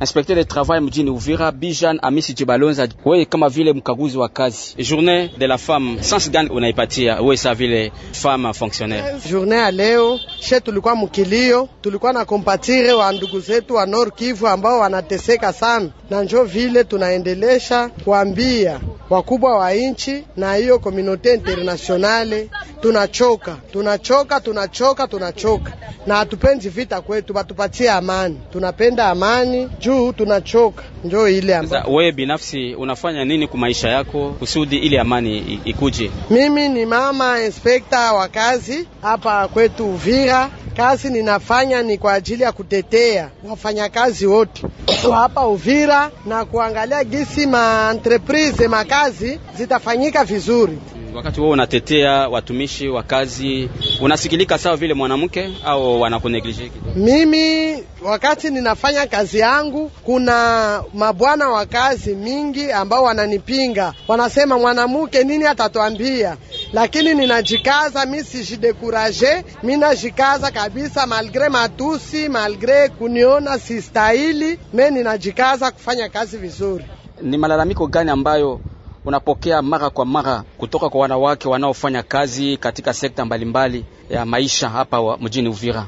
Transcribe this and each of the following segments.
inspekteur de travail mjini Uvira Bijan Amisi Jibalonza, wewe kama vile mkaguzi wa kazi, journée de la femme sans gani unaipatia wewe sa vile femme fonctionnaire? Journée ya leo she tulikuwa mkilio, tulikuwa na kompatire wa ndugu zetu wa Nord Kivu ambao wanateseka sana, na njo vile tunaendelesha kuambia wakubwa wa nchi na hiyo komunote internationale. Tunachoka, tunachoka, tunachoka, tunachoka na hatupenzi vita kwetu, batupatie amani. Tunapenda amani juu tunachoka, njo ile amani. Wewe binafsi unafanya nini kwa maisha yako kusudi ile amani ikuje? Mimi ni mama inspekta wa kazi hapa kwetu Uvira kazi ninafanya ni kwa ajili ya kutetea wafanyakazi wote wa hapa Uvira na kuangalia gisi maentreprise makazi zitafanyika vizuri wakati wewe unatetea watumishi wa kazi, unasikilika sawa vile mwanamke au wanakuneglige? Mimi wakati ninafanya kazi yangu, kuna mabwana wa kazi mingi ambao wananipinga, wanasema mwanamke nini atatwambia, lakini ninajikaza, mi sijidekuraje, mi najikaza kabisa, malgre matusi, malgre kuniona sistahili, me ninajikaza kufanya kazi vizuri. Ni malalamiko gani ambayo unapokea mara kwa mara kutoka kwa wanawake wanaofanya kazi katika sekta mbalimbali ya maisha hapa mjini Uvira?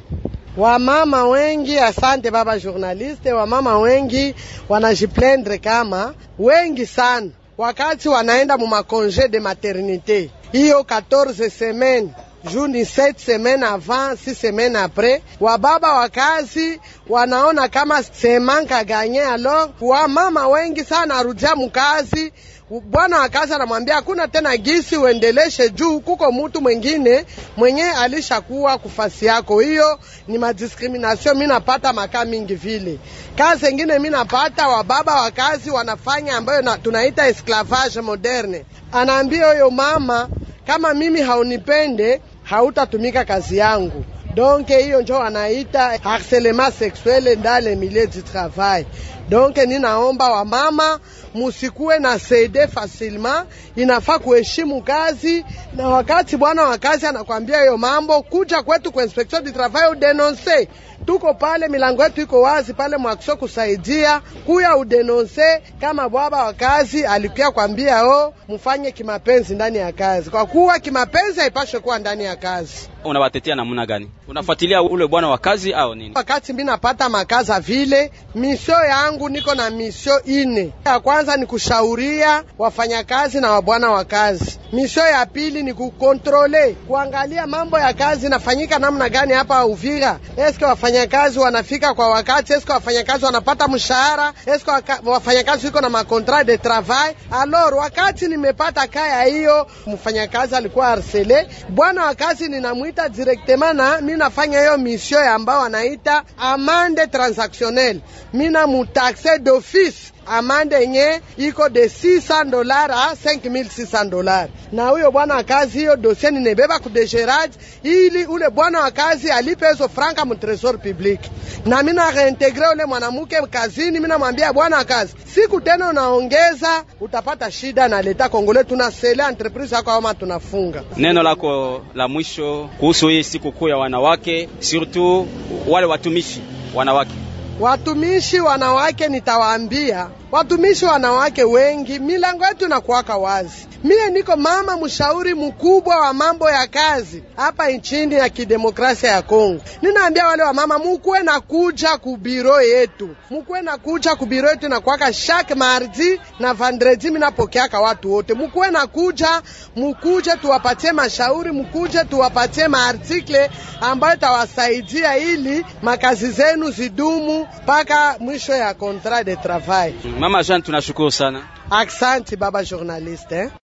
Wamama wengi, asante baba journaliste. Wamama wengi wanajiplendre kama wengi sana, wakati wanaenda mu makonge de maternite hiyo 14 semaine juni 7 semaine avant 6 semaine apres, wababa wa kazi wanaona kama semanka ganye. alor wamama wengi sana arudia mukazi bwana akaza anamwambia hakuna tena gisi uendeleshe, juu kuko mutu mwengine mwenye alishakuwa kufasi yako. Hiyo ni madiskriminasio. Mi napata makaa mingi vile, kazi engine mi napata wababa wa kazi wanafanya ambayo na, tunaita esclavage moderne. Anaambia huyo mama, kama mimi haunipende hautatumika kazi yangu. Donke hiyo njo anaita harcelement sexuel dans milieu du travail. Donke ninaomba wamama musikuwe na sede fasilma, inafaa kuheshimu kazi, na wakati bwana wa kazi anakwambia hiyo mambo, kuja kwetu kwa inspection du travail denonce. Tuko pale, milango yetu iko wazi pale mwakso kusaidia kuya udenonce, kama baba wa kazi alikuwa kwambia o mfanye kimapenzi ndani ya kazi, kwa kuwa kimapenzi haipashe kuwa ndani ya kazi. Unawatetea namna gani? Unafuatilia ule bwana wa kazi au nini? Wakati mimi napata makaza vile misio yangu yangu niko na misio ine. Ya kwanza ni kushauria wafanyakazi na wabwana wa kazi. Misio ya pili ni kukontrole, kuangalia mambo ya kazi nafanyika namna gani hapa Uvira. Eske wafanyakazi wanafika kwa wakati? Eske wafanyakazi wanapata mshahara? Eske wafanyakazi wiko na makontra de travail? Alor, wakati nimepata kaya hiyo, mfanyakazi alikuwa arsele, bwana wa kazi ninamwita direktema, na mi nafanya hiyo misio ambao anaita amande transactionnel, mi namuta accès d'office amande yenye iko de 600 dollar a 5600 dollar. Na huyo bwana wa kazi hiyo dosie ninebeba ku kudegerage ili ule bwana wa kazi alipe hizo franka mu tresor public, na mimi reintegre ule mwanamke kazini. mina namwambia bwana wa kazi, siku tena unaongeza utapata shida na leta Kongole, sele entreprise yako ama tunafunga. Neno lako la mwisho kuhusu hii siku kuu ya wanawake, surtout wale watumishi wanawake Watumishi wanawake, nitawaambia watumishi wanawake wengi, milango yetu nakuwaka wazi. Mie niko mama mshauri mkubwa wa mambo ya kazi hapa nchini ya kidemokrasia ya Kongo. Ninaambia wale wa mama, mukuwe na kuja kubiro yetu, mukuwe na kuja kubiro yetu nakuwaka shak mardi na vandredi, minapokeaka watu wote, mukuwe na kuja, mukuje tuwapatie mashauri, mukuje tuwapatie maartikle ambayo tawasaidia ili makazi zenu zidumu mpaka mwisho ya contrat de travail. Mama Jean, tunashukuru sana. Asante baba journaliste eh.